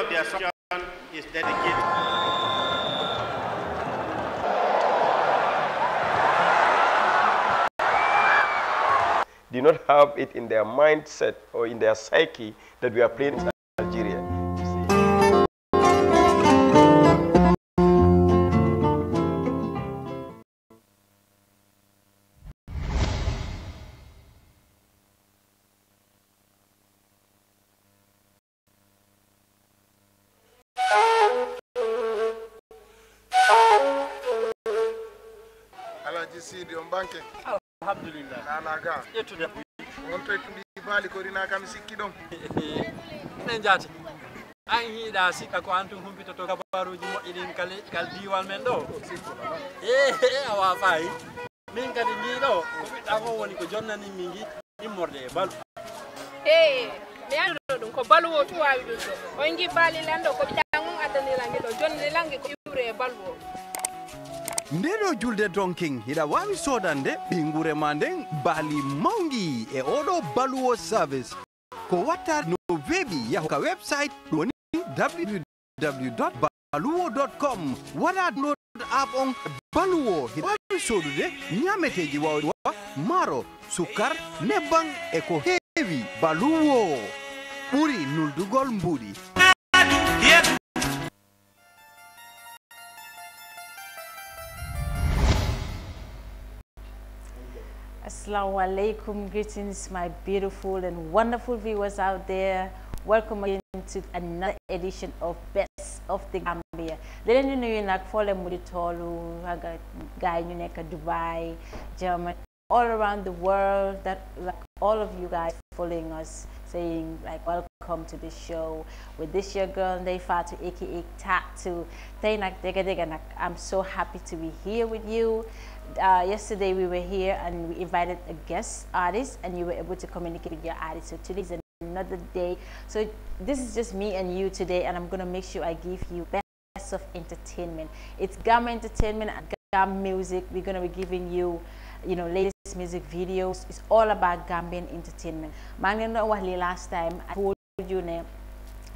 of the Assumption is dedicated. do not have it in their mindset or in their psyche that we are playing Algeria. wonto e tumi baali korina kam sikki ɗon minen jaate an hiiɗa sikka ko antum humpitoto kabaruji moƴƴi ɗin kal kal diwal men ɗo e a wa fayi min kadi mbiɗo ko fiɗɗa fo woni ko jonnanin min gui immorde e balu e mi anduɗo ɗum ko balu o to wawi ɗum ɗo on gui baali lanɗo ko ɓiɗɗa mum addanilangue ɗo jonnani langue ko iwre e balu o ndeɗo julde donkin hiɗa wawi sodande ɓingure ma nden baali mawgi e oɗo baluwo service ko watta no weɓi yahuka website ɗoni www baluwo com wala load app on baluwo hiɗa wawi sodude ñameteji wawwa maaro sukkar nebban e ko heewi baluwo ɓuri nuldugol mbuuɗi Assalamu alaikum, greetings my beautiful and wonderful viewers out there. Welcome again to another edition of Best of the Gambia. di leen di nuyu nag foo leen mu di Dubai, Germany, all around the world that like all of you guys following us saying like welcome to the show with this your girl they Fatou aka Tatu. Tey nag dégg-dégg nag I'm so happy to be here with you uh, yesterday we were here and we invited a guest artist and you were able to communicate with your artist. So today is another day. So this is just me and you today and I'm going to make sure I give you best of entertainment. It's Gam Entertainment and Gam Music. We're going to be giving you, you know, latest music videos. It's all about Gambian entertainment. Magnano the last time, I told you,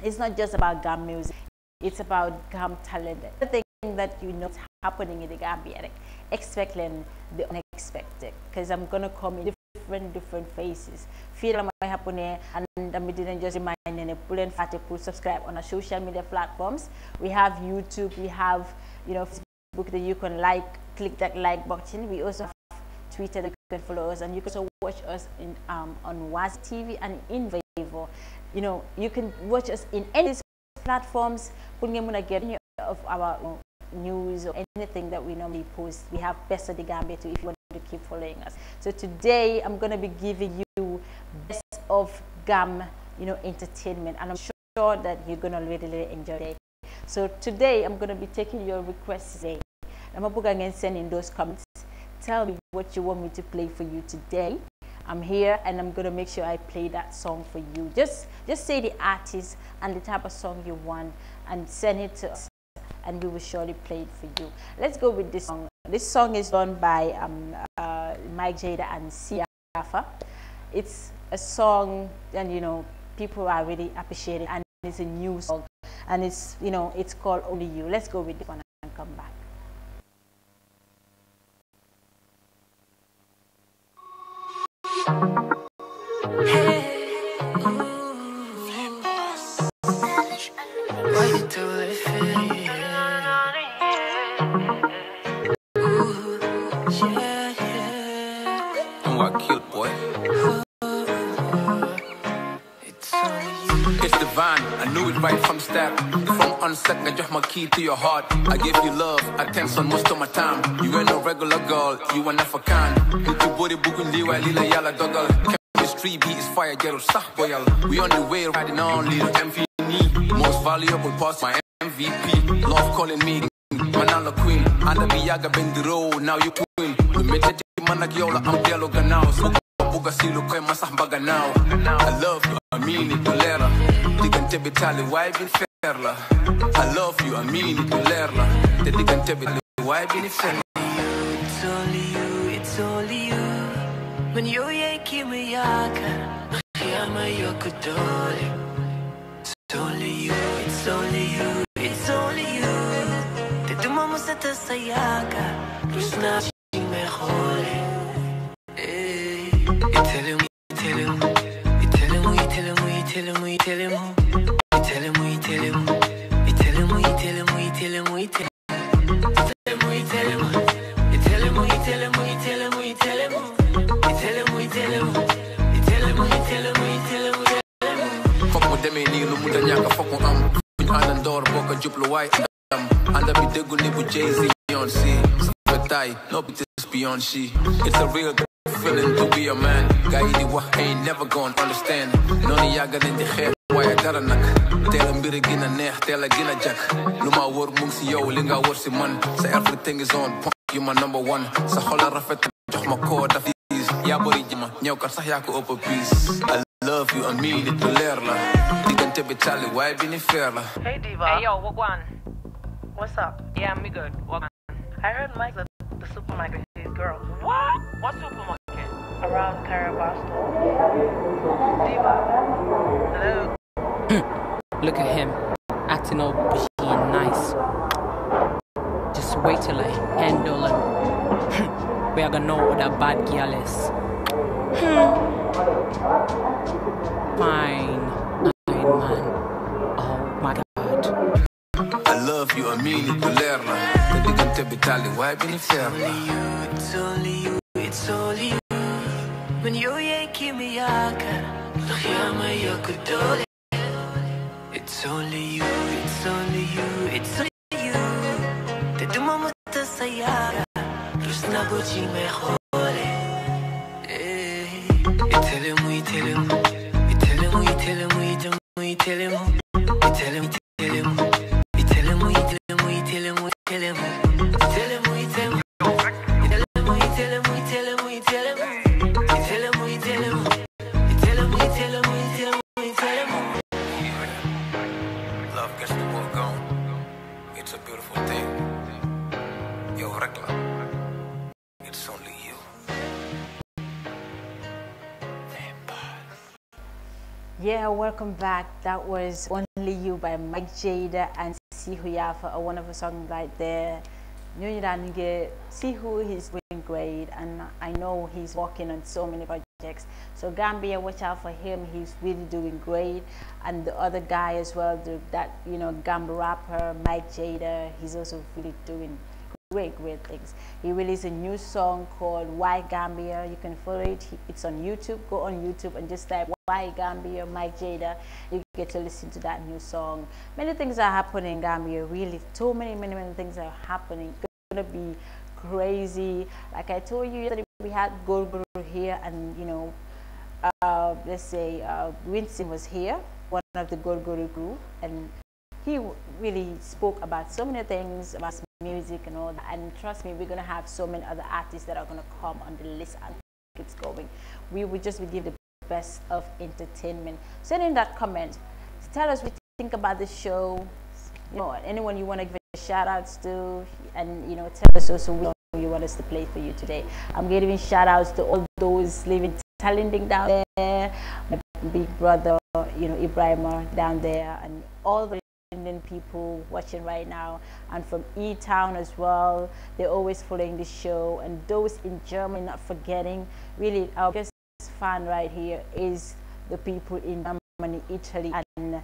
it's not just about Gam music. It's about Gam talent. The thing that you know is happening in the Gambia. Like, expecting the unexpected because I'm gonna come in different different phases. Feel am I happening and I'm didn't just remind and pull and fat pull subscribe on our social media platforms. We have YouTube, we have you know Facebook that you can like, click that like button. We also have Twitter that you can follow us and you can also watch us in um on WAS TV and in Vivo. You know, you can watch us in any platforms. get of our news or anything that we normally post. We have Best of the Gambia too if you want to keep following us. So today I'm going to be giving you Best of Gam, you know, entertainment. And I'm sure that you're going to really, really enjoy it. So today I'm going to be taking your requests today. I'm going to send in those comments. Tell me what you want me to play for you today. I'm here and I'm gonna make sure I play that song for you. Just just say the artist and the type of song you want and send it to us and we will surely play it for you. Let's go with this song. This song is done by um, uh, Mike Jada and Sia Siafa. It's a song, and you know, people are really appreciating, it and it's a new song, and it's you know, it's called Only You. Let's go with this one and come back. Thank you. key to your heart. I give you love, attention most of my time. You ain't no regular girl, you kind. African. your body, the way, lila yala dogal. Chemistry beat is fire, ghetto stop boyal. We on the way, riding on little MV. Most valuable pass, my MVP. Love calling me, manala queen. And the biaga bend the road, now you queen. We met the managiola, I'm dialogue now. Buga silo kwe masah baga now. I love you, I mean it, no letter. Digan tebi why been fair? I love you, I mean it, Lerla. That they can tell me why be friendly. It's only you, it's only you. When you are yaki We yaka, yama yoko dole. It's only you, it's only you, it's only you. Te tomamos hasta sayaka, luz na me jole. Hey, You tell him, y tell him, y tell him, y tell him, y tell him, y tell him. Um, I dawar boka jublu wai adam anda bi degu ni bu jay-z Beyoncé, see tay no be this beyond she it's a real feeling to be a man guy di ain't never gonna understand noonu yàgg nañ di xeex waaye dara nag teel a mbir gën a neex teel a gën a jak lu ma wër mu ngi si yow li nga si man So everything is on point you my number one So hola a rafet jox ma koo daf yaa bëri jëma ñëw kat sax yaa ko ëpp Love you, I mean it, dolerla. Digante why been Hey Diva. Hey yo, what What's up? Yeah, me good. What I heard Mike's at the supermarket with his girl. What? What supermarket? Around Carabasto. Diva. Hello. Hmm. Look at him, acting all and nice. Just wait till I handle him. Hmm. we are gonna know what a bad girl is. Fine. Nine man. Oh my god. I love you, Amini Palermo. Quindi con te Vitali, why be inferno? It's only you, it's only you. It's only you. When you yanky mi yaka, lo chiama io codole. It's only you, it's only you, it's only you. Te думам от тъса яра, русна бочи ме хора. tell him, you tell him, you tell him, you tell him, you tell him, you tell him. Yeah, welcome back. That was Only You by Mike Jada and Sihu Yafa, a wonderful song right there. Sihu, he's doing great and I know he's working on so many projects. So Gambia, watch out for him. He's really doing great. And the other guy as well, the, that, you know, Gamba rapper, Mike Jada, he's also really doing great, great things. He released a new song called Why Gambia. You can follow it. It's on YouTube. Go on YouTube and just type Why Gambia, Mike Jada. You get to listen to that new song. Many things are happening in Gambia, really. So many, many, many things are happening. It's going to be crazy. Like I told you yesterday, we had Goldboro here and, you know, uh, let's say uh, Winston was here, one of the Goldboro group, and he really spoke about so many things about music and all that. And trust me, we're going to have so many other artists that are going to come on the list and keeps going. We will just give the best of entertainment. Send in that comment. Tell us what you think about the show. You know, anyone you want to give a shout out to, and you know, tell us also who you want us to play for you today. I'm giving shout outs to all those living talenting down there, my big brother, you know, Ibrahima down there, and all the Indian people watching right now and from E-Town as well. They're always following the show and those in Germany not forgetting. Really, our biggest fan right here is the people in Germany, Italy and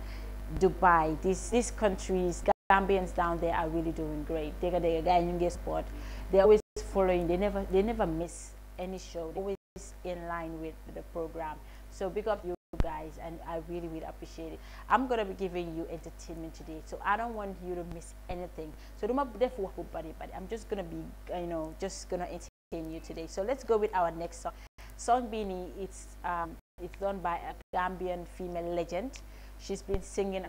Dubai. These, these countries, Gambians down there are really doing great. They're, they're, sport. they're always following. They never, they never miss any show. They're always in line with the program. So big up you guys and I really really appreciate it I'm gonna be giving you entertainment today so I don't want you to miss anything so don't be for buddy but I'm just gonna be you know just gonna entertain you today so let's go with our next song song Beanie it's um it's done by a Gambian female legend she's been singing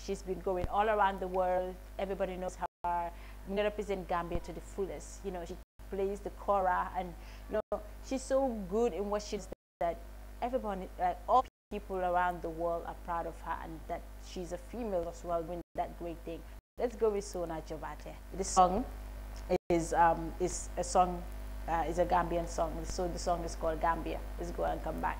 she's been going all around the world everybody knows her I'm gonna represent Gambia to the fullest you know she plays the cora and you know she's so good in what she's doing that everyone like uh, all people around the world are proud of her and that she's a female as well doing that great thing. Let's go with Sona Jovate. This song is, um, is a song, uh, is a Gambian song. So the song is called Gambia. Let's go and come back.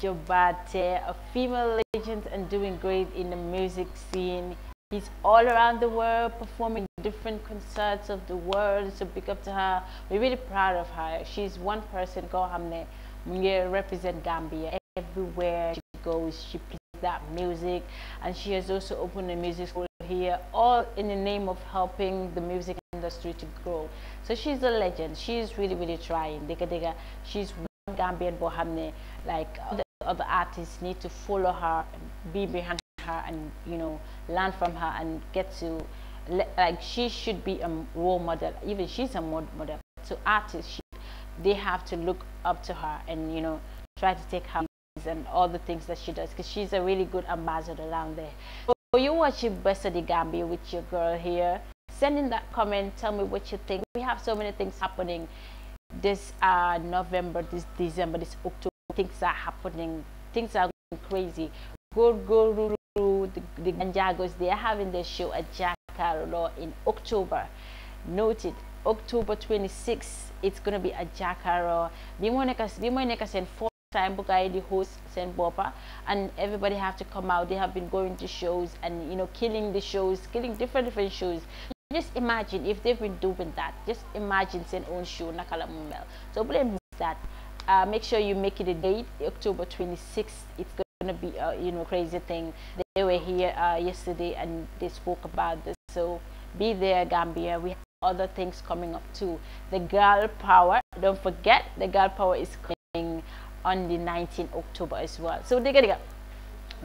Jobate, a female legend and doing great in the music scene. He's all around the world performing different concerts of the world. So big up to her. We're really proud of her. She's one person, go Hamne, represent Gambia everywhere she goes. She plays that music and she has also opened a music school here, all in the name of helping the music industry to grow. So she's a legend. She's really, really trying. Dega dega. She's one Gambian Bohamne, like other artists need to follow her, be behind her, and you know, learn from her and get to like she should be a role model. Even she's a model to artists. She, they have to look up to her and you know try to take her and all the things that she does because she's a really good ambassador down there. So you watching Best of the Gambia with your girl here. Send in that comment. Tell me what you think. We have so many things happening this uh, November, this December, this October things are happening. Things are going crazy. Guru go, the, the Ganjagos, they are having their show at Jakarta in October. Noted, October 26th, it's going to be at Jakarta. Bimoneka sent four time Bukai, the host, sent Bopa, and everybody have to come out. They have been going to shows and, you know, killing the shows, killing different, different shows just imagine if they've been doing that just imagine saying own show nakala mumel so blame that uh, make sure you make it a date, October 26th. It's going to be a you know crazy thing. They were here uh, yesterday and they spoke about this. So be there, Gambia. We have other things coming up too. The girl power. Don't forget, the girl power is coming on the 19th October as well. So diga diga.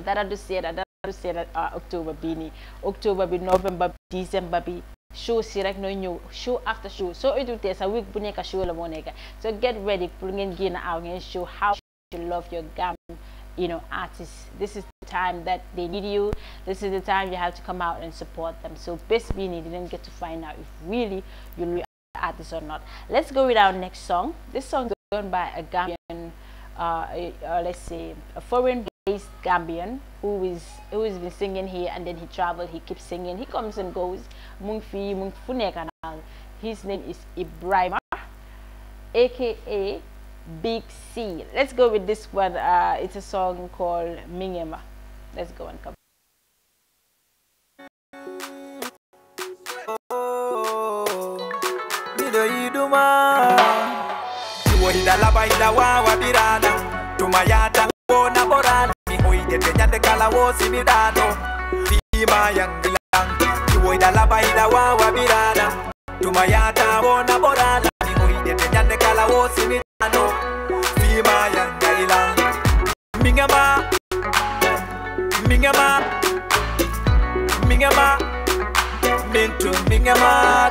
That I just say that. That I to say that. Uh, October be ni. October be November, December be show si rek nooy ñëw show after show So ututee sa week bu nekk show la moo nekk so get ready pour ngeen génn aw ngeen show how you love your Gambian you know artists this is the time that they need you this is the time you have to come out and support them so best being you didn't get to find out if really you are artists or not let's go with our next song this song is done by a Gambian uh, uh, let's say a foreign based Gambian who is who has been singing here and then he traveled he keeps singing he comes and goes his name is Ibrahim, aka Big C let's go with this one uh, it's a song called Mingema let's go and come oh, Kenya de Calawo Simidano Tima Yangilang Tuwe Dalaba Idawa Wabirana Tumayata Wona Borana Nihuide Kenya de Calawo Simidano Tima Yangilang Mingama Mingama Mingama Mintu Mingama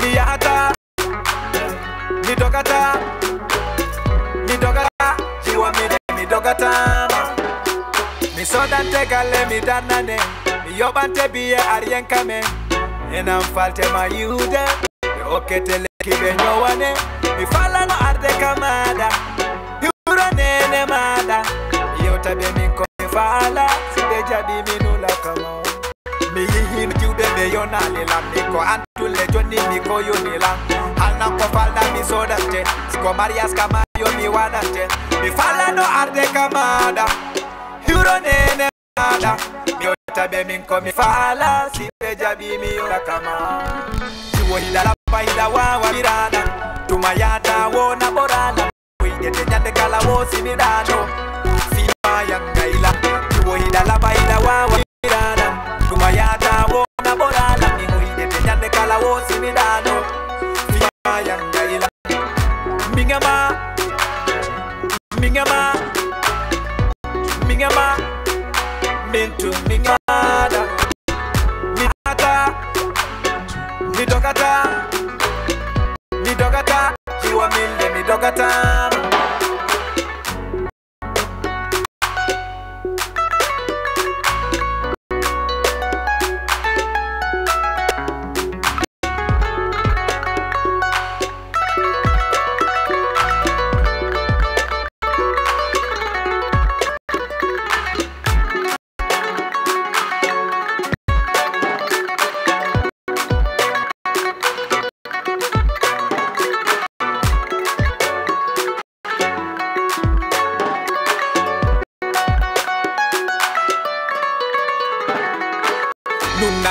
Miata Midogata Midogata Jiwa Midogata Midogata mi sodante galle mi darnane mi yoɓante biye ariyen kame enan falte ma yiwde ɓe hokkete lekki nyo wane mi fallano arde kamada maɗa mi nene maɗa mi yewta ɓe min ko mi faala ɓe jaɓi mi nulakama mi yihin juɓe ɓe yonalilam mi ko le joni mi ko yonilam halnan ko falna mi Si ko marias kamayo mi waɗante mi fallano arde ka yuronene mada miotabe minkomi fala sipejabi miyola kama ciwo hilalapa hila wawa mirana tumayata wona borala wiyetenyande kala wosimidano simayangaila ciwo hilalapa hila wawa mirana tumayata wona borala wiyetenyande kala wosimidano simayangaila mingama mingama mingema Mintu mingada midata midokata midokata jiwa minde midokata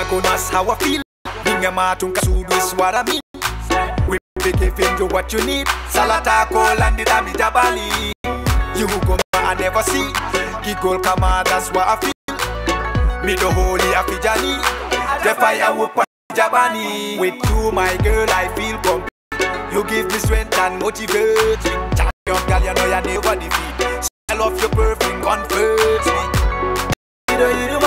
go how I feel your matunga sudu is what I mean We be giving you what you need Salata call and the damage You go I never see Kigol kama that's what I feel Me the holy afijani The fire whoop Jabani With you my girl I feel complete You give me strength and motivate me Champion girl you know you never defeat I love your perfume converts You know you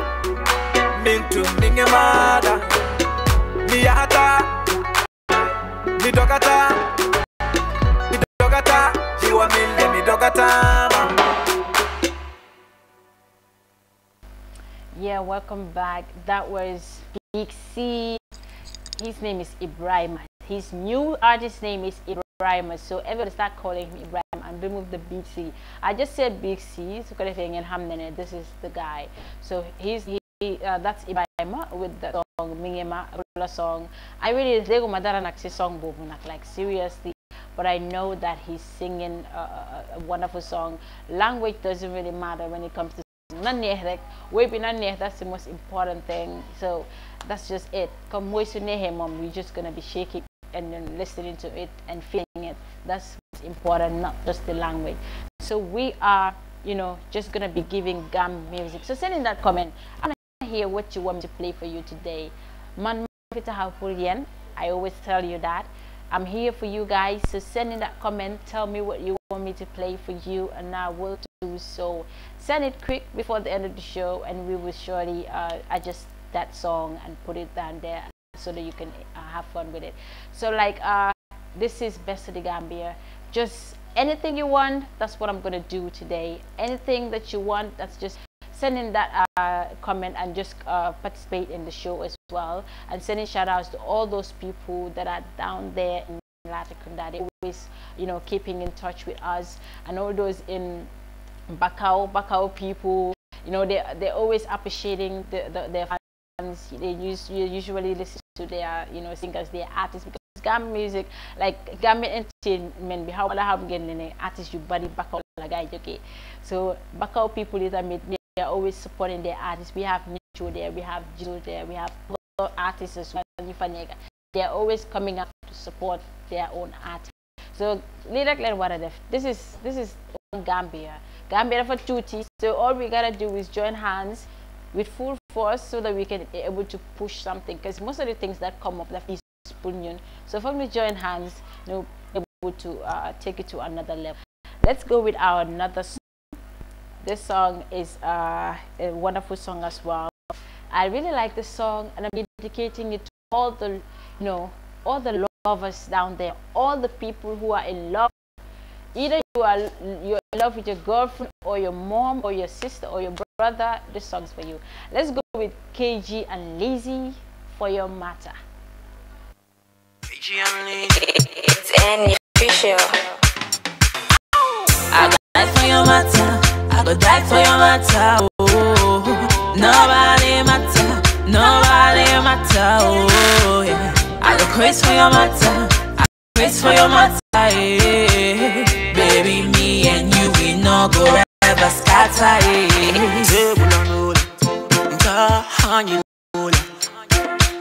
mother dogata dogata She me dogata Yeah, welcome back. That was Big C. His name is Ibrahim. His new artist name is Ibrahim. So everybody start calling him Ibrahim and remove the Big C. I just said Big C. So this is the guy. So he's. He uh, that's Ibayma with the song Mingema Rula song. I really Lego Madara nak si song bobu like seriously. But I know that he's singing a, a, wonderful song. Language doesn't really matter when it comes to that's the most important thing. So that's just it. Come mom, we're just gonna be shaking and then listening to it and feeling it. That's important, not just the language. So we are, you know, just gonna be giving gum music. So send in that comment hear what you want me to play for you today. Man, I always tell you that. I'm here for you guys, so send in that comment, tell me what you want me to play for you, and I will do so. Send it quick before the end of the show, and we will surely uh, adjust that song and put it down there so that you can uh, have fun with it. So like, uh, this is Best of the Gambia. Just anything you want, that's what I'm going to do today. Anything that you want, that's just send in that uh, comment and just uh, participate in the show as well. And sending shout outs to all those people that are down there in Latikundade, always, you know, keeping in touch with us and all those in Bakau, Bacau people, you know, they, they're always appreciating the, the, their fans. They use, usually listen to their, you know, singers, their artists. Because Gam music, like Gam entertainment, we have a lot of artists, you body Bakau lagay okay so Bakau people either made me they're always supporting their artists. We have Nicho there, we have Jill there, we have other artists as well, Nifanega. They're always coming up to support their own artists. So Lidak Len Waradef, this is this is Gambia. Gambia for duty. So all we gotta do is join hands with full force so that we can be able to push something. Because most of the things that come up that is union. So if we join hands, you know, able to uh, take it to another level. Let's go with our another this song is uh, a wonderful song as well. I really like this song and I'm dedicating it to all the, you know, all the lovers down there, all the people who are in love. Either you are you're in love with your girlfriend or your mom or your sister or your brother, this song's for you. Let's go with KG and Lizzie for your matter. KG and It's any official. I got for your matter go die for your matter, oh. Nobody matter, nobody matter, oh. Yeah. I go crazy for your matter, I crazy for your matter, yeah. Baby, me and you, we no go ever scatter, yeah.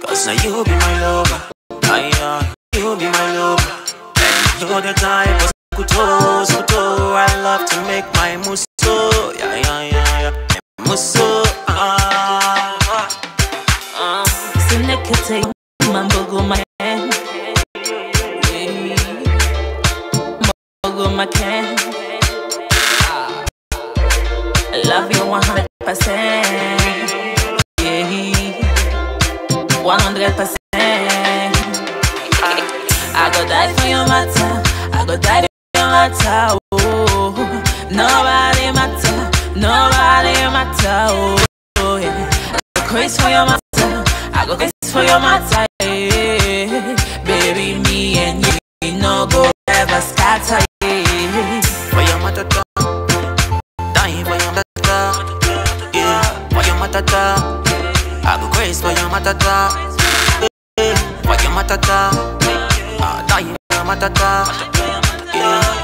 Cause now you be my lover, I, uh, you be my lover. You're the type of kuto, kuto. I love to make my moves yeah, yeah, yeah. Muso, ah, ah. Sinekete mambogo ma ken, mambogo ma Love you one hundred percent, yeah, one hundred percent. I go die for your matter, I go die for your matter, oh, nobody. Nobody in my toe. Yeah. I go crazy for your matter. I go crazy for your matter. Baby, me and you, we no go ever scatter. Yeah. For your matter, for your matter. Yeah, for your matter. I go crazy for your matter. for your matter. for your matter. Yeah.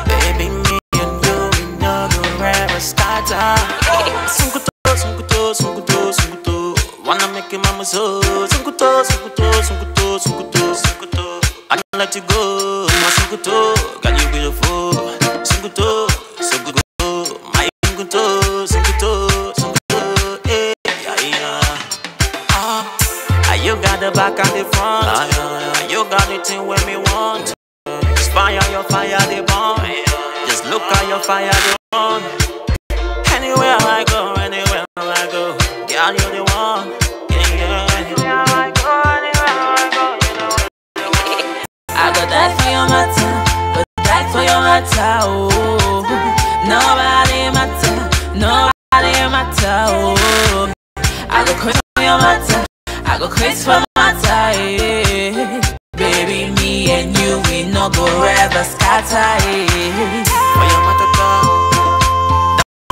so Sunkuto, sunkuto, sunkuto, sunkuto, sunkuto I don't like to go, my sunkuto Got you beautiful Sunkuto, sunkuto My sunkuto, sunkuto, sunkuto Eh, yeah, yeah Ah, uh, you got the back and the front ah, You got the thing where me want Fire, your fire, the bomb Just look at your fire, the matter, oh. Nobody matter, nobody matter, oh. I go crazy for your matter, I go crazy for my matter, yeah. Baby, me and you, we no go ever scatter, yeah. For your matter,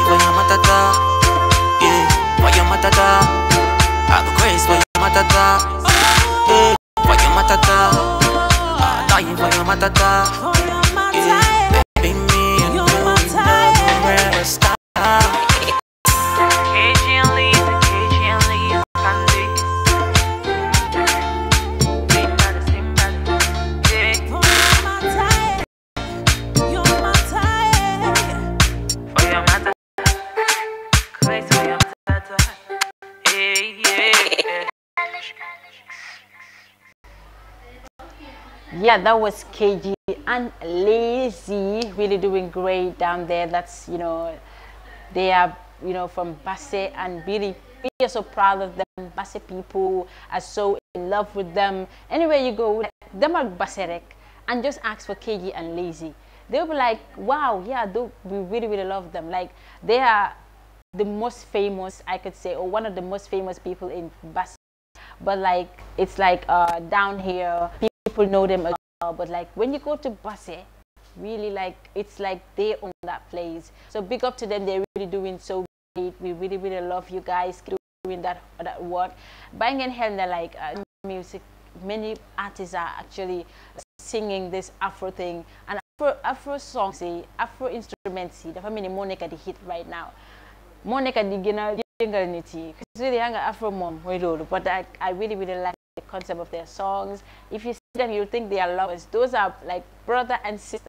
for your matter, yeah. For your matter, I go crazy for your matter, yeah. For your matter, I'm dying ah, for your matter. yeah, that was KG and Lazy really doing great down there. That's, you know, they are, you know, from Basse and Biri. We are so proud of them. Basse people are so in love with them. Anywhere you go, them are Basserek and just ask for KG and Lazy. They'll be like, wow, yeah, we really, really love them. Like, they are the most famous, I could say, or one of the most famous people in Basse but like it's like uh, down here people know them well. but like when you go to Basse, really like it's like they own that place so big up to them they're really doing so great we really really love you guys doing that that work buying and helping like uh, music many artists are actually singing this afro thing and afro afro songs see eh, afro instruments eh, see the family Monica nek hit right now mo nek di gëna cuz really nga afro mom moy but I, i really really like the concept of their songs if you them, you think they are lovers. Those are like brother and sister.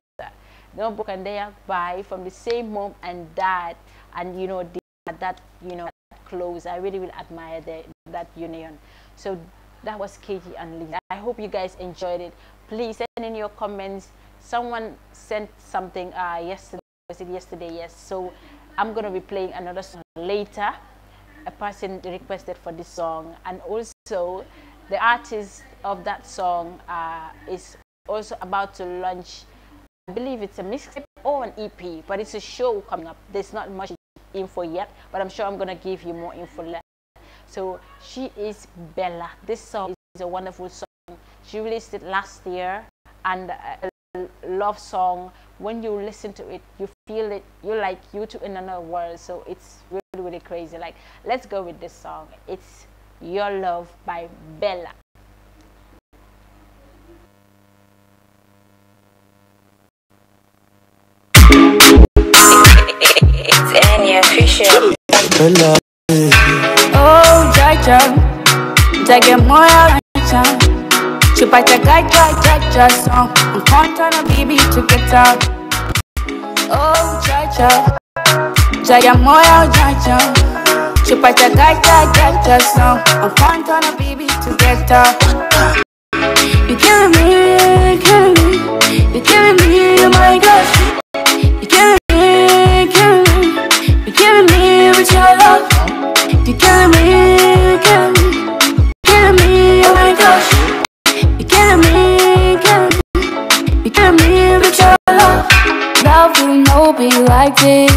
book and they are by from the same mom and dad, and you know they are that you know close. I really will admire the, that union. So that was KG and Lisa. I hope you guys enjoyed it. Please send in your comments. Someone sent something uh, yesterday. Was it yesterday? Yes. So I'm gonna be playing another song later. A person requested for this song, and also the artist of that song uh, is also about to launch. I believe it's a mixtape or an EP, but it's a show coming up. There's not much info yet, but I'm sure I'm gonna give you more info later. So she is Bella. This song is a wonderful song. She released it last year, and a love song. When you listen to it, you feel it. You're like you two in another world. So it's really really crazy. Like let's go with this song. It's Your Love by Bella. shit. Bella. Oh, Jaja, Jaja Moya Raja. Chupata Gaja Jaja song. I'm counting on baby to get out. Oh, Jaja, Jaja Moya Raja. Chupata Gaja Jaja song. I'm counting on baby to get out. You're killing me, killing me, you're killing me, oh my God. day.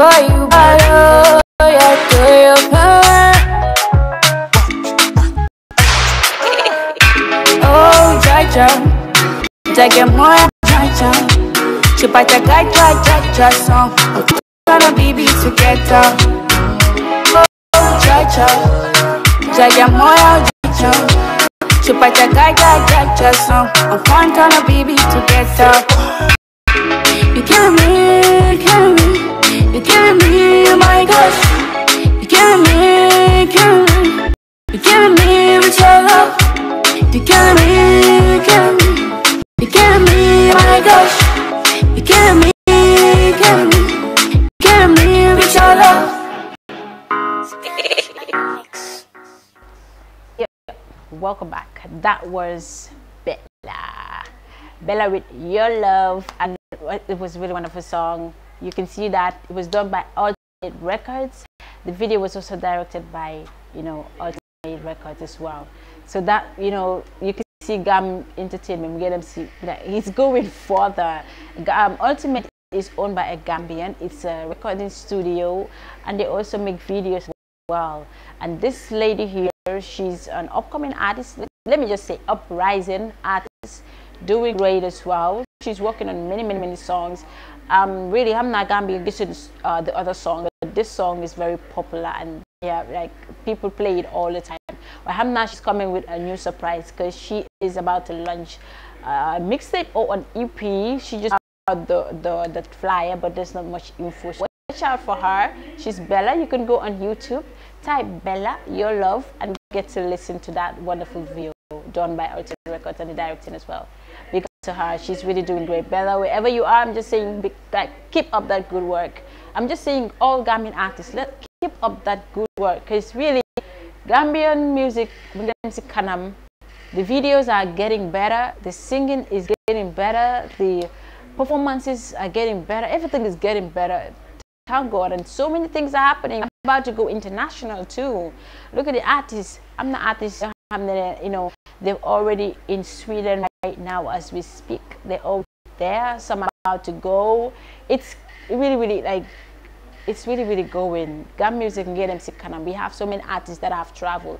boy, you yeah, to your power. Oh, Jaja, take more, Jaja. Chupa taka, Jaja, Jaja song. Gonna baby together. Oh, Jaja, take Jaja. Chupa taka, Jaja, Jaja I'm fine, gonna baby together. You kill me, kill me. You're giving me, my gosh You're giving me, giving You're giving me your love You're giving me, you You're giving me, my gosh You're giving me, giving You're giving me your love yep. Welcome back. That was Bella. Bella with Your Love and it was really wonderful song you can see that it was done by Ultimate Records. The video was also directed by, you know, Ultimate Records as well. So that, you know, you can see GAM Entertainment, we get them see, he's going further. GAM Ultimate is owned by a Gambian. It's a recording studio and they also make videos as well. And this lady here, she's an upcoming artist. Let me just say uprising artist doing great as well. She's working on many, many, many songs um, really, I'm not gonna be listening uh, the other song. This song is very popular and yeah, like people play it all the time. But Hamna, she's coming with a new surprise because she is about to launch uh, a mixtape or an EP. She just got the, the, the flyer, but there's not much info. Watch out for her. She's Bella. You can go on YouTube, type Bella, your love, and get to listen to that wonderful video done by Ultimate Records and the directing as well to her. She's really doing great. Bella, wherever you are, I'm just saying like, keep up that good work. I'm just saying all Gambian artists, let keep up that good work because really Gambian music, the videos are getting better, the singing is getting better, the performances are getting better, everything is getting better. Thank God, and so many things are happening. I'm about to go international too. Look at the artists. I'm the artist you know, they're already in Sweden right now as we speak. They're all there, some are about to go. It's really, really like, it's really, really going. Gam Music and MC Kanam, we have so many artists that have traveled.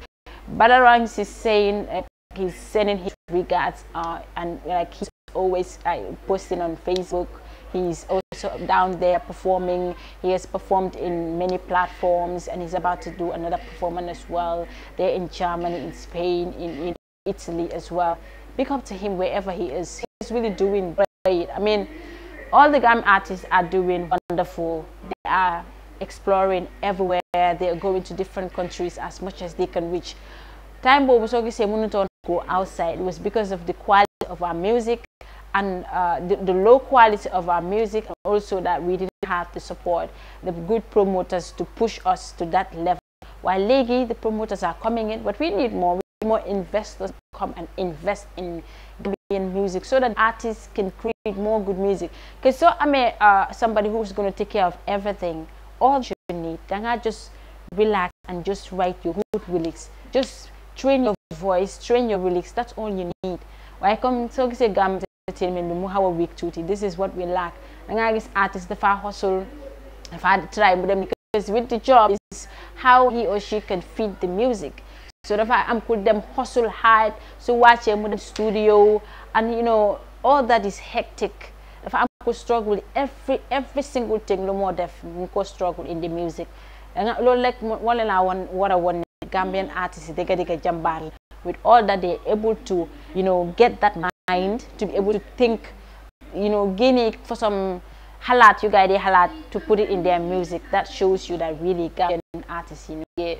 Badarangs is saying, uh, he's sending his regards uh, and like he's always uh, posting on Facebook He's also down there performing. He has performed in many platforms and he's about to do another performance as well. They're in Germany, in Spain, in, in Italy as well. Big up to him wherever he is. He's really doing great. I mean, all the glam artists are doing wonderful. They are exploring everywhere. They're going to different countries as much as they can reach. Time was always saying, go outside. It was because of the quality of our music and uh, the, the, low quality of our music and also that we didn't have the support the good promoters to push us to that level while legi the promoters are coming in but we need more we need more investors come and invest in Gambian music so that artists can create more good music because so i mean uh, somebody who's going to take care of everything all you need then i just relax and just write your good lyrics just train your voice train your lyrics that's all you need why come entertainment bi mu xaw a weak tuuti this is what we lack da ngaa gis artist dafa hustle try bu with the job is how he or she can feed the music so dafa am ku dem hustle hard su wàccee mu dem studio and you know all that is hectic dafa am ku struggle every single thing lu moo def mu ko struggle in the music danga loolu rek moo leen laa won war a won Gambian artist yi dëgg-dëgg jàmbaar la with all that they able to get that mind to be able to think you know guinea for some halat you guide halat to put it in their music that shows you that really Ghanaian artists you know you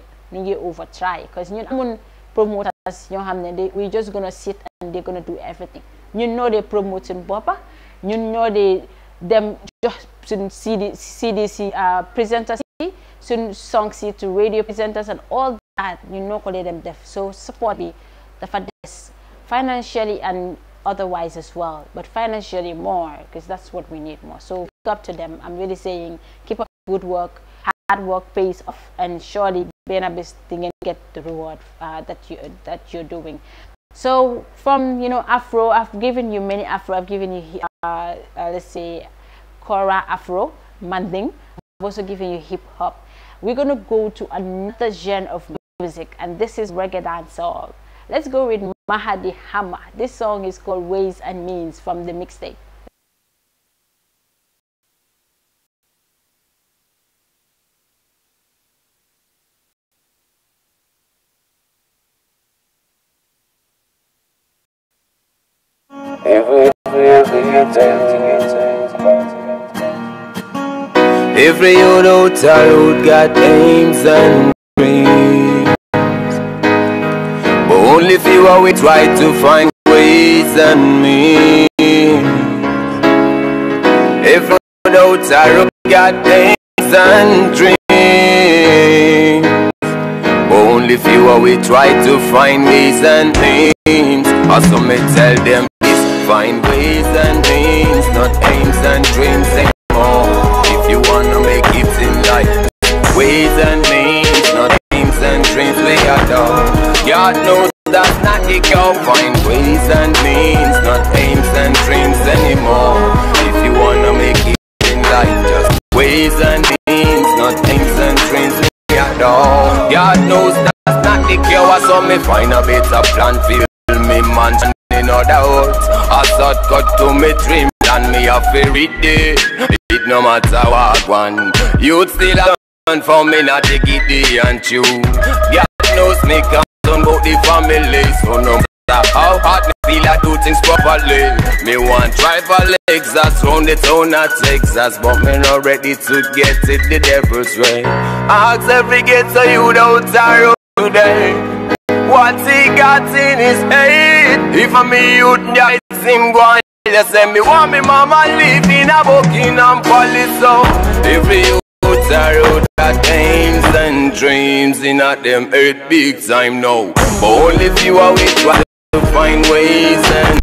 get over try because you know promoters you know they, we're just gonna sit and they're gonna do everything you know they promoting baba. you know they them just the CDC uh, presenters soon songs to radio presenters and all that you know call them deaf so support me the finance financially and otherwise as well but financially more because that's what we need more so look up to them i'm really saying keep up good work hard work pays off and surely in a best thing and get the reward uh, that you that you're doing so from you know afro i've given you many afro i've given you uh, uh, let's say cora afro manding i've also given you hip hop we're gonna go to another genre of music and this is reggae dancehall let's go with Mahadi Hammer. This song is called Ways and Means from the mixtape. Every, every, every day. Every old hotel road got aims and Only few are we try to find ways and means. If no doubt I look at things and dreams. Only few are we try to find ways and means. Also may tell them this find ways and find ways and means, not aims and dreams anymore. If you wanna make it in life, just ways and means, not aims and dreams at all. God knows that's not the cure, so me find a better plan, fill me mansion in other words. I thought got to me dream, and me a to day. it. no matter what one, you'd still have done for me, not the giddy and you. God knows me, concern about the family, so no how hard me feel I do things properly Me want drive a Lexus round the town of Texas But me not ready to get it the devil's way I ask every ghetto you don't today What he got in his head If I'm a youth it's him going they say me want me mama live in a Buckingham Palace so Every youth are out at times and dreams in a them earth big time now But only few are with to find ways and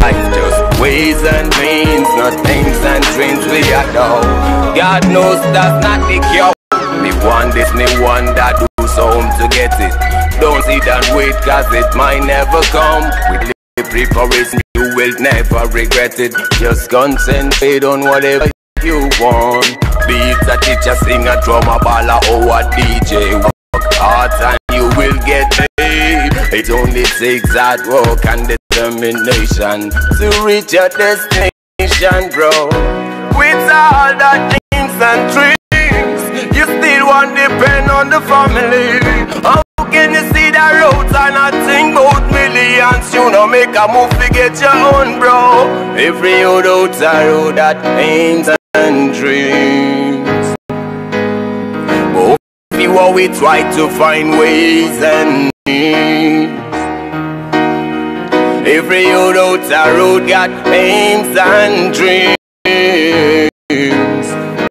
Life just ways and means, not things and dreams we adore God knows that's not the cure Me want this, me one that do so to get it Don't sit and wait cause it might never come With the preparation you will never regret it Just concentrate on whatever you want be a teacher, sing a drummer, baller or a DJ Work hard and you will get paid It only takes hard work and determination To reach your destination, bro With all the things and tricks You still want to depend on the family How can you see the roads and not think about millions? You know make a move to get your own, bro Every road out a road that means and dreams. But if you we try to find ways and means. Every old outer road got aims and dreams.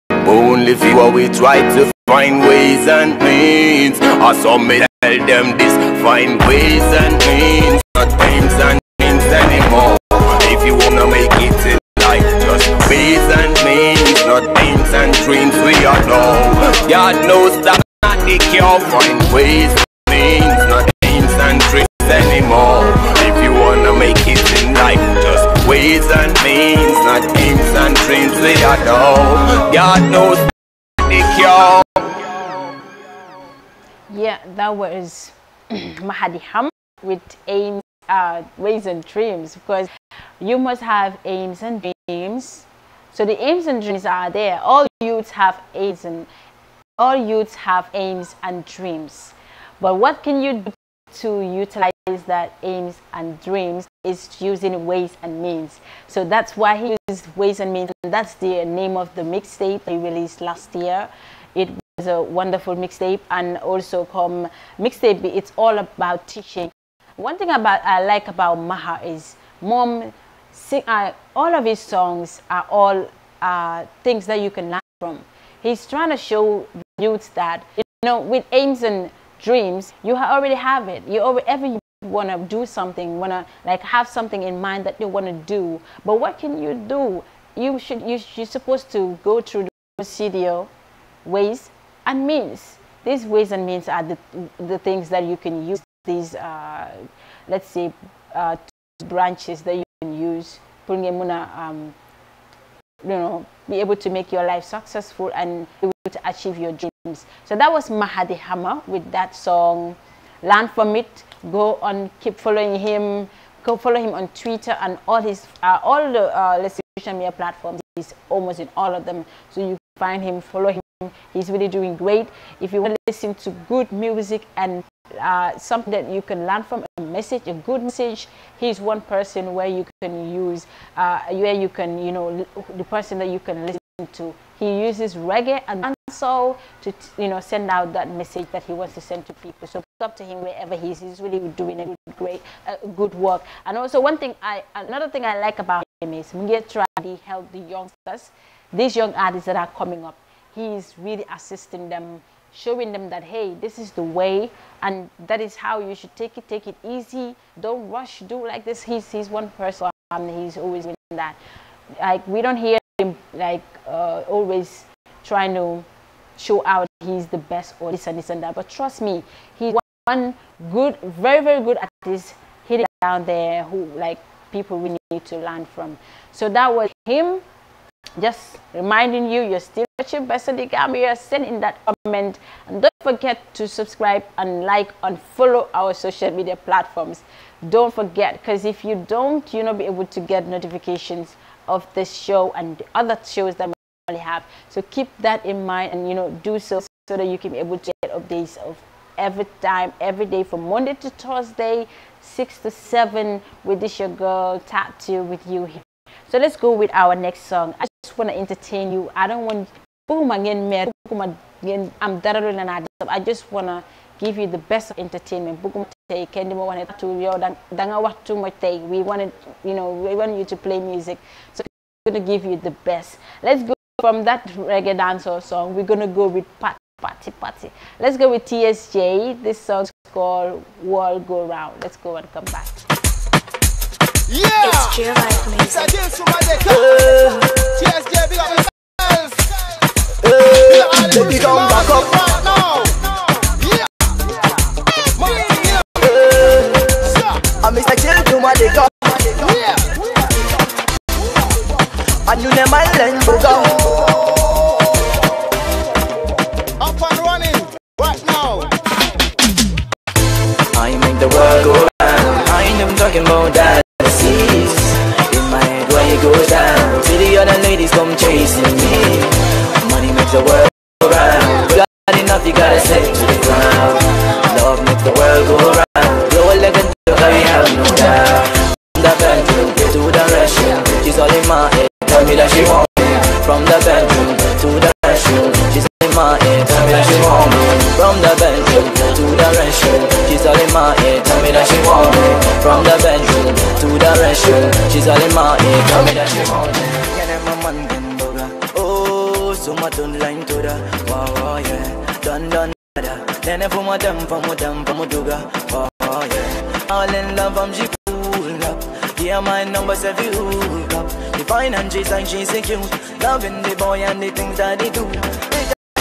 But only few are, we try to find ways and means. Or some may tell them this, find ways and means. God knows that's not the cure. Find ways, means, not aims and tricks anymore. If you wanna make it in life, just ways and means, not aims and dreams, they are all. God knows the cure. Yeah, that was Mahadi Ham with aims, uh, ways and dreams because you must have aims and dreams. So the aims and dreams are there. All youths have aims and all youths have aims and dreams. But what can you do to utilize that aims and dreams is using ways and means. So that's why he used ways and means. And that's the name of the mixtape he released last year. It was a wonderful mixtape and also come mixtape. It's all about teaching. One thing about I like about Maha is mom sing. Uh, all of his songs are all uh, things that you can learn from. He's trying to show youths that, you know, with aims and dreams, you already have it. You already, ever want to do something, want to like have something in mind that you want to do. But what can you do? You should, you, you're supposed to go through the procedure, ways and means. These ways and means are the, the things that you can use, these, uh, let's say, uh, branches that you can use. Um, you know, be able to make your life successful and be able to achieve your dreams. So that was Mahadi Hammer with that song, Learn From It. Go on, keep following him. Go follow him on Twitter and all his, uh, all the uh, social media platforms. He's almost in all of them. So you find him, follow him. He's really doing great. If you want to listen to good music and uh, something that you can learn from a message, a good message. He's one person where you can use, uh, where you can, you know, the person that you can listen to. He uses reggae and soul to, you know, send out that message that he wants to send to people. So up to him wherever he is. He's really doing a good, great, uh, good work. And also one thing I, another thing I like about him is Mungetra, he helped the youngsters, these young artists that are coming up. He is really assisting them showing them that, hey, this is the way and that is how you should take it. Take it easy. Don't rush. Do like this. He's, he's one person and he's always doing that. Like, we don't hear him, like, uh, always trying to show out he's the best or this and this and that. But trust me, he's one good, very, very good artist hitting down there who, like, people we need to learn from. So that was him. Just reminding you, you're still watching Bessie Gambia. Send in that comment. And don't forget to subscribe and like and follow our social media platforms. Don't forget, because if you don't, you'll not be able to get notifications of this show and other shows that we have. So keep that in mind and, you know, do so so that you can be able to get updates of every time, every day from Monday to Thursday, 6 to 7 with this your girl, Tattoo with you here. So let's go with our next song just want to entertain you. I don't want bukuma ngeen mer bukuma ngeen am dara and leen a I just want to give you the best of entertainment bukuma tey kenn di ma wax ne tu too much tey we wanted you know we want you to play music so we're gonna give you the best let's go from that reggae dancehall song we're gonna go with party party party let's go with TSJ this song's called world go round let's go and come back yeah. It's uh, Uh, Let me back up. Right now. Yeah. Uh, I am the chill to my And you Up and running right now. I make the world go round. I ain't even talking about that go down. See the other ladies come chasing me. Money makes the world go round. Got enough, you gotta set to the ground. Love makes the world go round. Blow a leg and do I have no doubt. From the bedroom to the restroom, she's all in my head. Tell me that she wants me. From the bedroom to the restroom my ear, tell me that she want me From the bedroom to the restroom She's all in my ear, tell me that she want me From the bedroom to the restroom She's all in my ear, tell me that she want me Yeah, I'm a man, boga Oh, so much online to the Wow, yeah Dun, dun, da Then for my dam, for my dam, for my duga Wow, yeah All in love, I'm she cool up Yeah, my number's you hook up fine and she's like she's cute Loving the boy and the things that he do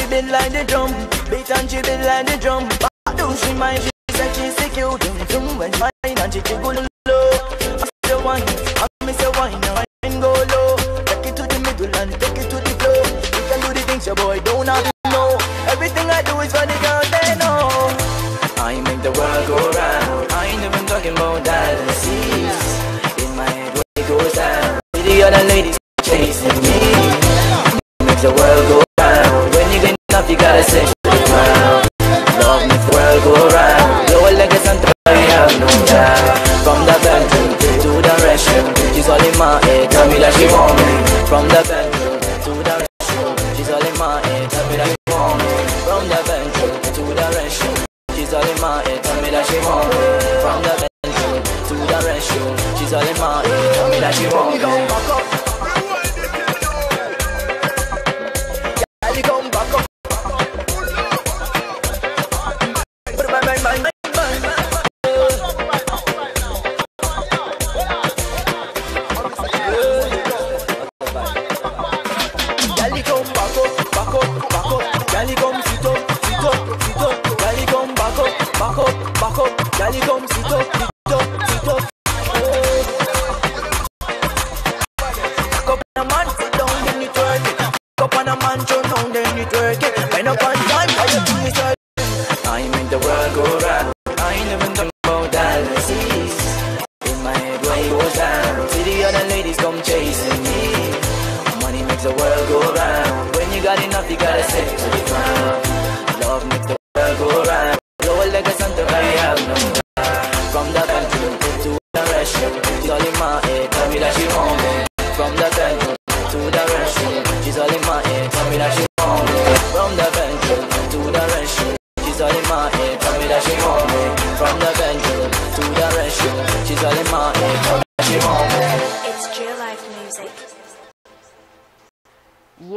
jibble like the drum, beat and jibble like the drum. But don't she mind, she said she you dum dum when fine and she go low. I say wine, I miss a wine, wine go low. Take it to the middle and take it to the floor. You can do the things your boy don't have to know. Everything I do is for the girl they know. I make the world go round. I ain't even talking about dialysis. In my head, way goes down. The other ladies chasing me. makes the world go you gotta say Love me go round. no doubt. From the Benton to the restroom, she's all in my head. Tell me that she want me. From the bed.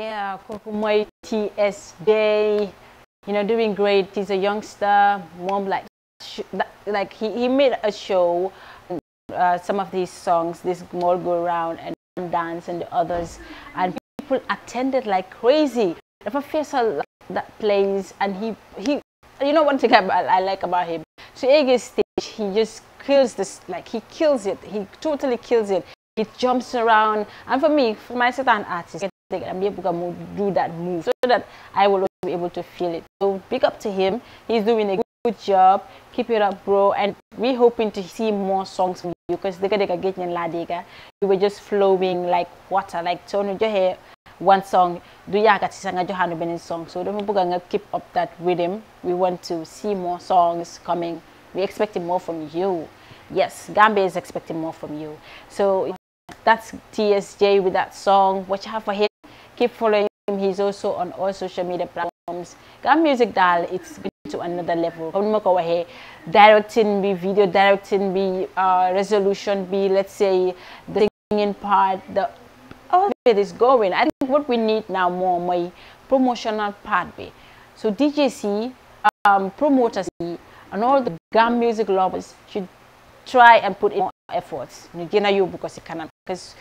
Yeah, Kokumai TS Day, you know, doing great. He's a youngster, mom, like, like he, he made a show, uh, some of these songs, this more go round and dance and the others, and people attended like crazy. The professor that plays, and he, he, you know, one thing I, I like about him, so Ege's stage, he just kills this, like he kills it, he totally kills it. He jumps around, and for me, for myself, an artist, able to do that move so that I will also be able to feel it. So big up to him. He's doing a good job. Keep it up, bro. And we're hoping to see more songs from you because Dega Dega Getting La you were just flowing like water. Like Tony Johe, one song, do Yakati a Johano Benin song. So don't to keep up that rhythm. We want to see more songs coming. We're expecting more from you. Yes, Gambia is expecting more from you. So that's TSJ with that song. What you have for him? Keep following him. He's also on all social media platforms. Gam Music Dial, it's been to another level. Directing be video, directing be uh, resolution be let's say the singing part, the all of it is going. I think what we need now more my promotional part be. So DJC, um, promoters and all the GAM music lovers should try and put in more efforts You gën you because you uh, si kanam because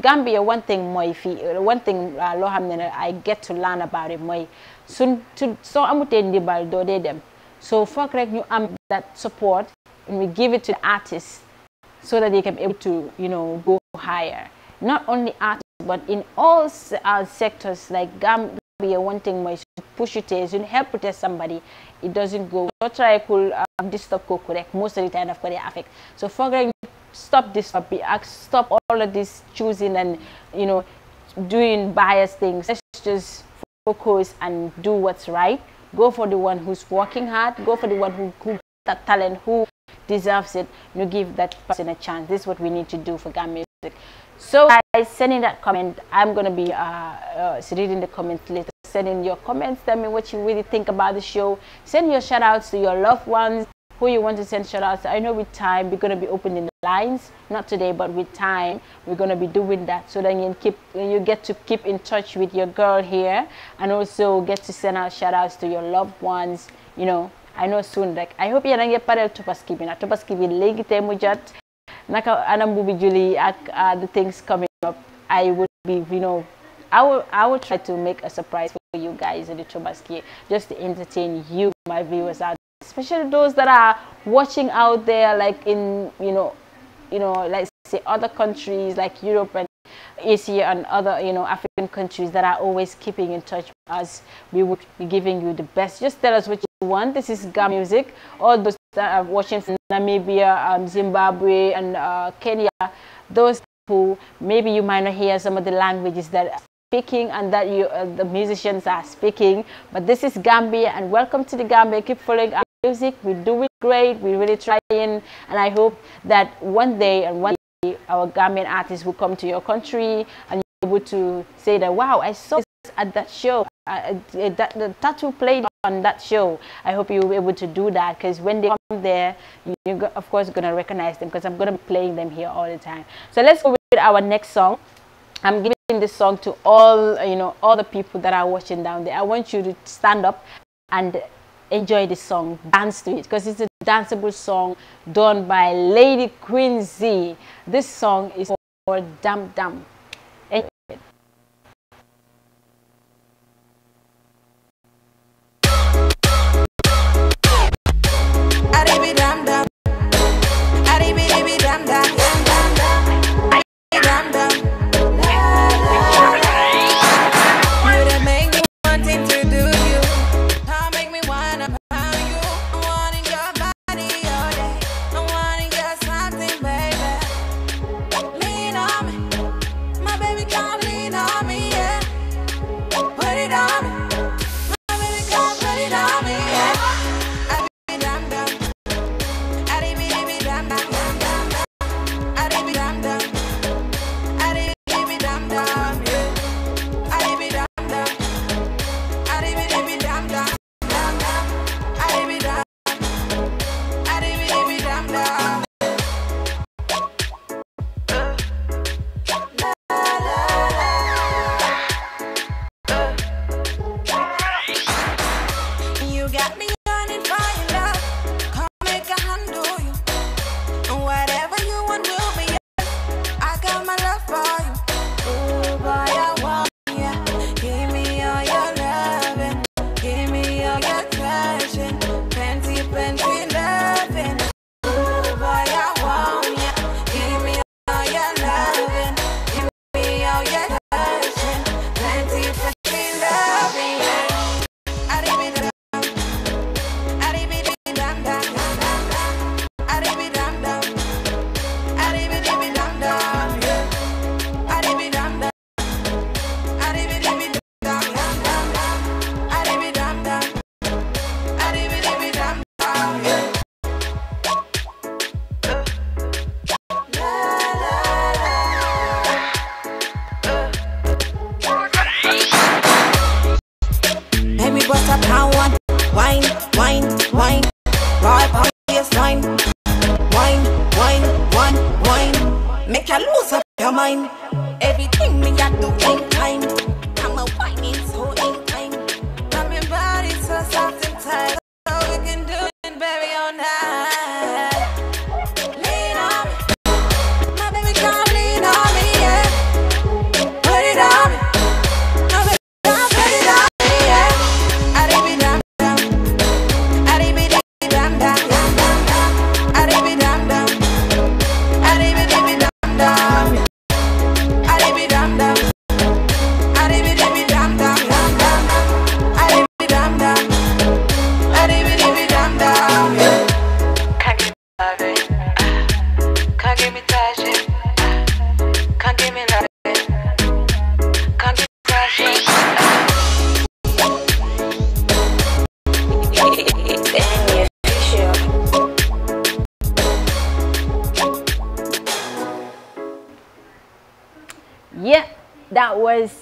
Gambia one thing if fii one thing uh, loo I get to learn about it mooy suñ soo amutee ndimbal to do them. so for correct ñu am that support and we give it to the artists so that they can be able to you know go higher not only artists but in all uh, sectors like Gambia one thing mooy push it, is and help it somebody it doesn't go So try disturb Go correct. most of the time I've got the affect so foog stop this. stop all of this choosing and you know doing biased things let's just focus and do what's right go for the one who's working hard go for the one who, who that talent who deserves it you give that person a chance this is what we need to do for Ghana music so guys, sending that comment. I'm going to be uh, uh, reading the comments later. Sending your comments. Tell me what you really think about the show. Send your shout outs to your loved ones who you want to send shout outs. I know with time, we're going to be opening the lines. Not today, but with time, we're going to be doing that. So then you, keep, you get to keep in touch with your girl here and also get to send out shout outs to your loved ones, you know, I know soon like I hope you're not yanang yaparel tupas kibina tupas kibi legi temujat naka uh, anam bu bi julli Julie, the things coming up I would be you know I will I will try to make a surprise for you guys in the Chobaski just to entertain you my viewers out especially those that are watching out there like in you know you know like say other countries like Europe and Asia and other you know African countries that are always keeping in touch with us we would be giving you the best just tell us what you one. This is Gam music. All those that are watching from Namibia, um, Zimbabwe, and uh, Kenya, those who maybe you might not hear some of the languages that speaking and that you uh, the musicians are speaking. But this is Gambia, and welcome to the Gambia. Keep following our music. We do it great. We really in, and I hope that one day and one day our Gambian artists will come to your country and you're able to say that wow, I saw this at that show. Uh, that the tattoo played on that show. I hope you will be able to do that because when they come there, you're of course going to recognize them because I'm going to be playing them here all the time. So let's go with our next song. I'm giving this song to all, you know, all the people that are watching down there. I want you to stand up and enjoy the song, dance to it because it's a danceable song done by Lady Queen Z. This song is called "Dum Dum." i to be done.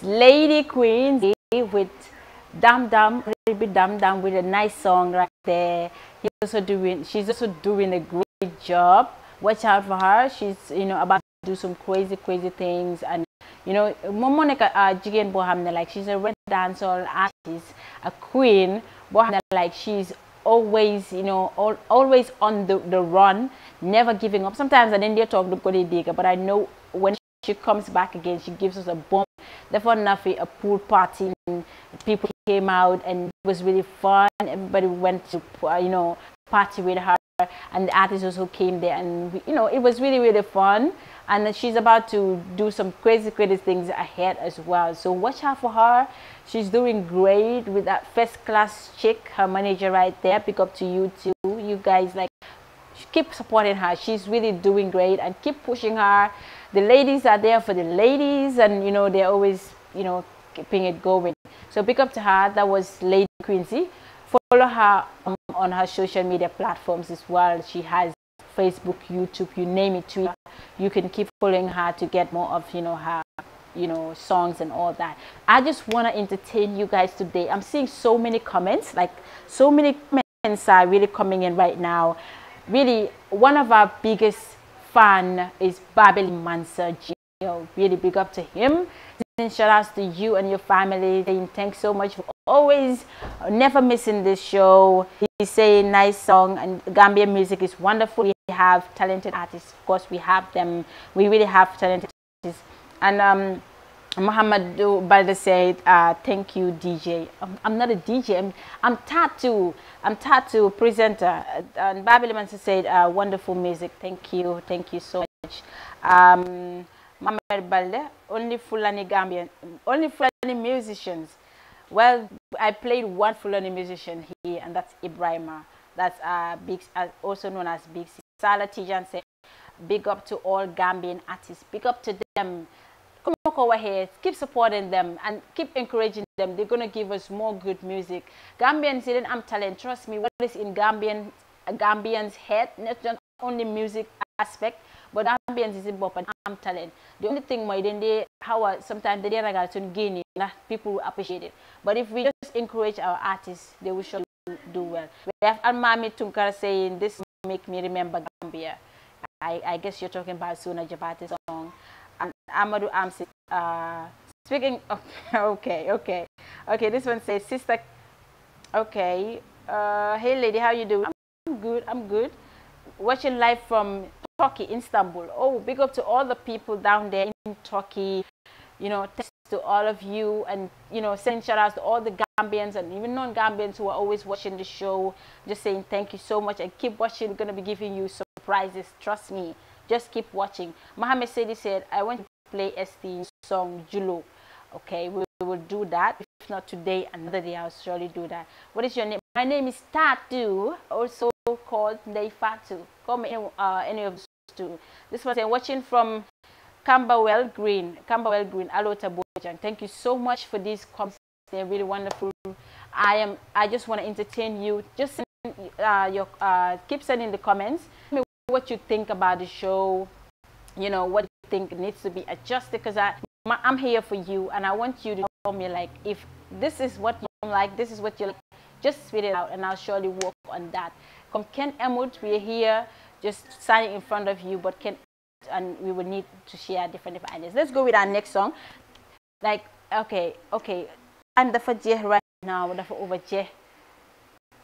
Lady Queen with Dam Dam, Baby Dam Dam with a nice song right there. He's also doing, she's also doing a great job. Watch out for her. She's, you know, about to do some crazy, crazy things. And, you know, Momonica uh, Jigen Bohamne, like she's a red dancer artist, a queen. Bohamne, like she's always, you know, all, always on the, the run, never giving up. Sometimes I didn't dare talk to Kodi Diga, but I know when she comes back again. She gives us a bomb. Therefore, Nafi, a pool party. People came out and it was really fun. Everybody went to, uh, you know, party with her and the artists also came there and we, you know it was really really fun and she's about to do some crazy crazy things ahead as well so watch out for her she's doing great with that first class chick her manager right there Pick up to you too you guys like keep supporting her. She's really doing great and keep pushing her. The ladies are there for the ladies and, you know, they're always, you know, keeping it going. So pick up to her. That was Lady Quincy. Follow her on, on her social media platforms as well. She has Facebook, YouTube, you name it, Twitter. You can keep following her to get more of, you know, her you know songs and all that i just want to entertain you guys today i'm seeing so many comments like so many comments are really coming in right now really one of our biggest fan is Babel Mansa Gio. Really big up to him. And shout out to you and your family. And thanks so much for always never missing this show. He's saying nice song and Gambian music is wonderful. We have talented artists. Of course, we have them. We really have talented artists. And um, Muhammad Balde said, uh, thank you, DJ. I'm, I'm, not a DJ. I'm, I'm tattoo. I'm tattoo presenter. Uh, and Babi said, uh, wonderful music. Thank you. Thank you so much. Um, Muhammad Balde, only Fulani Gambian, only Fulani musicians. Well, I played one Fulani musician here, and that's Ibrahima. That's uh, Big, uh, also known as Big C. Salah Tijan said, big up to all Gambian artists. Big up to them. Come over here, keep supporting them and keep encouraging them. They're going to give us more good music. Gambians didn't am talent. Trust me, what is in Gambian, Gambians' head, not just only music aspect, but Gambians is bop and am talent. The only thing my then they how sometimes they are to gain it, people will appreciate it. But if we just encourage our artists, they will surely do well. We have Almami Tunkara saying, this make me remember Gambia. I, I guess you're talking about Suna Jabati's song. Amadou Amsi. Uh, speaking of, okay, okay. Okay, this one says, Sister, okay. Uh, hey lady, how you do? I'm good, I'm good. Watching live from Turkey, Istanbul. Oh, big up to all the people down there in Turkey. You know, thanks to all of you and, you know, send shout outs to all the Gambians and even non-Gambians who are always watching the show. Just saying thank you so much and keep watching. We're going to be giving you surprises. Trust me. Just keep watching. Mohammed Sedi said, I want play ST song Julu, Okay, we, we, will do that. If not today, another day, I'll surely do that. What is your name? My name is Tatu, also called Neifatu. Call me uh, any of those two. This was I'm watching from Camberwell Green. Camberwell Green, Alo Tabojan. Thank you so much for these comments. They're really wonderful. I am. I just want to entertain you. Just send, uh, your uh, keep sending the comments. Tell me what you think about the show. You know what think needs to be adjusted because I, I'm here for you and I want you to tell me like, if this is what you like, this is what you like, just spit it out and I'll surely work on that. Come Ken Emut, we're here just standing in front of you, but Ken and we will need to share different, ideas. Let's go with our next song. Like, okay, okay. I'm the Fajeh right now, the over Jeh.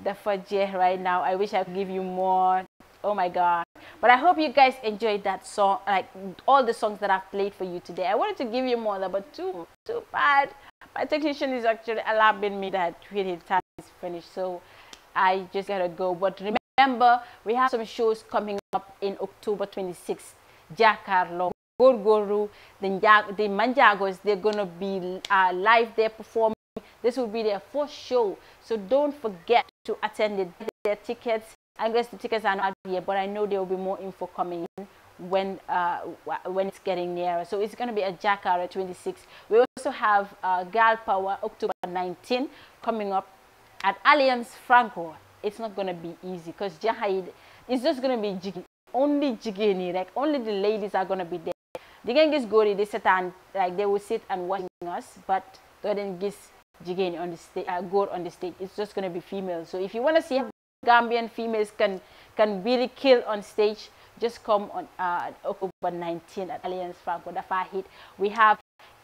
The Fajeh right now. I wish I could give you more oh my god but i hope you guys enjoyed that song like all the songs that i've played for you today i wanted to give you more but too too bad my technician is actually allowing me that really time is finished so i just gotta go but remember we have some shows coming up in october 26th jacarlo gorgoru the, the manjagos they're gonna be uh, live there performing this will be their first show so don't forget to attend it their tickets. I guess the tickets are not yet, but I know there will be more info coming in when uh, when it's getting nearer. So it's going to be at Jakarta 26. We also have uh, Girl Power October 19 coming up at Alliance Franco. It's not going to be easy because Jahid is just going to be jiggy. Only jiggy, like only the ladies are going to be there. The Genghis Gori, they sit and like they will sit and watching us, but the did jiggy on the stage. Uh, go on the stage. It's just going to be female. So if you want to see Gambian females can, can really kill on stage just come on uh, October 19 at Alliance Franco Dafahid. We have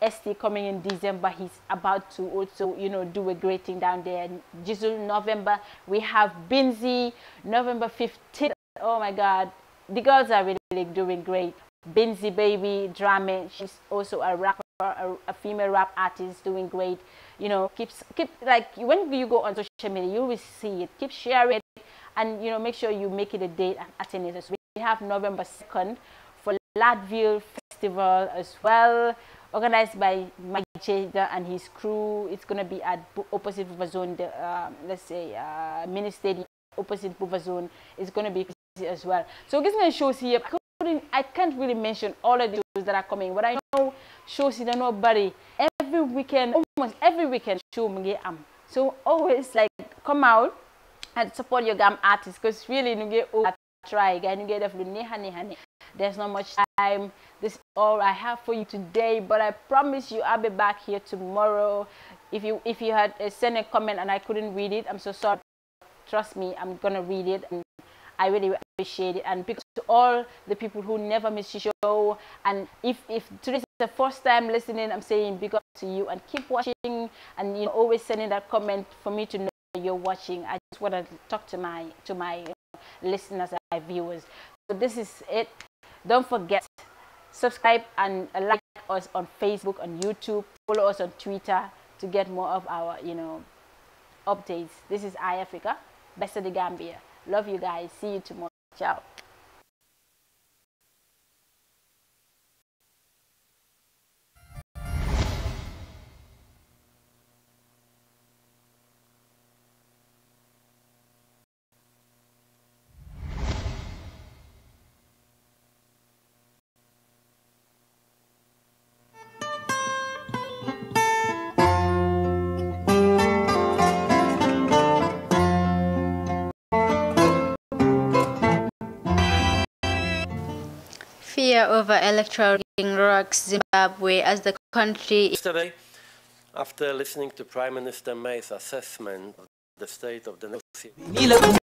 ST coming in December. He's about to also, you know, do a great thing down there. Jizzle November. We have Binzi November 15th. Oh my God. The girls are really doing great. Binzi Baby, Drama. She's also a rapper, a, a female rap artist doing great you know keep keep like when you go on social media you will see it keep sharing it and you know make sure you make it a date and attend it as well. we have november 2nd for latville festival as well organized by mike Jada and his crew it's going to be at opposite Buva zone the, um, let's say uh mini stadium opposite Buva zone it's going to be as well so this man shows here I, I can't really mention all of the shows that are coming but i know shows in nobody every weekend, almost every weekend, show me am. So always like come out and support your gam artists because really you get over try again, you get honey. There's not much time. This is all I have for you today, but I promise you I'll be back here tomorrow. If you if you had uh, sent a comment and I couldn't read it, I'm so sorry. Trust me, I'm gonna read it. And I really appreciate it. And because to all the people who never miss the show, and if, if today's the first time listening, I'm saying big up to you and keep watching and you know, always sending that comment for me to know you're watching. I just want to talk to my, to my listeners and my viewers. So this is it. Don't forget, subscribe and like us on Facebook, on YouTube, follow us on Twitter to get more of our, you know, updates. This is iAfrica, Best of the Gambia. Love you guys. See you tomorrow. Ciao. Nigeria over electoral rocks Zimbabwe as the country. Yesterday, after listening to Prime Minister May's assessment of the state of the nation.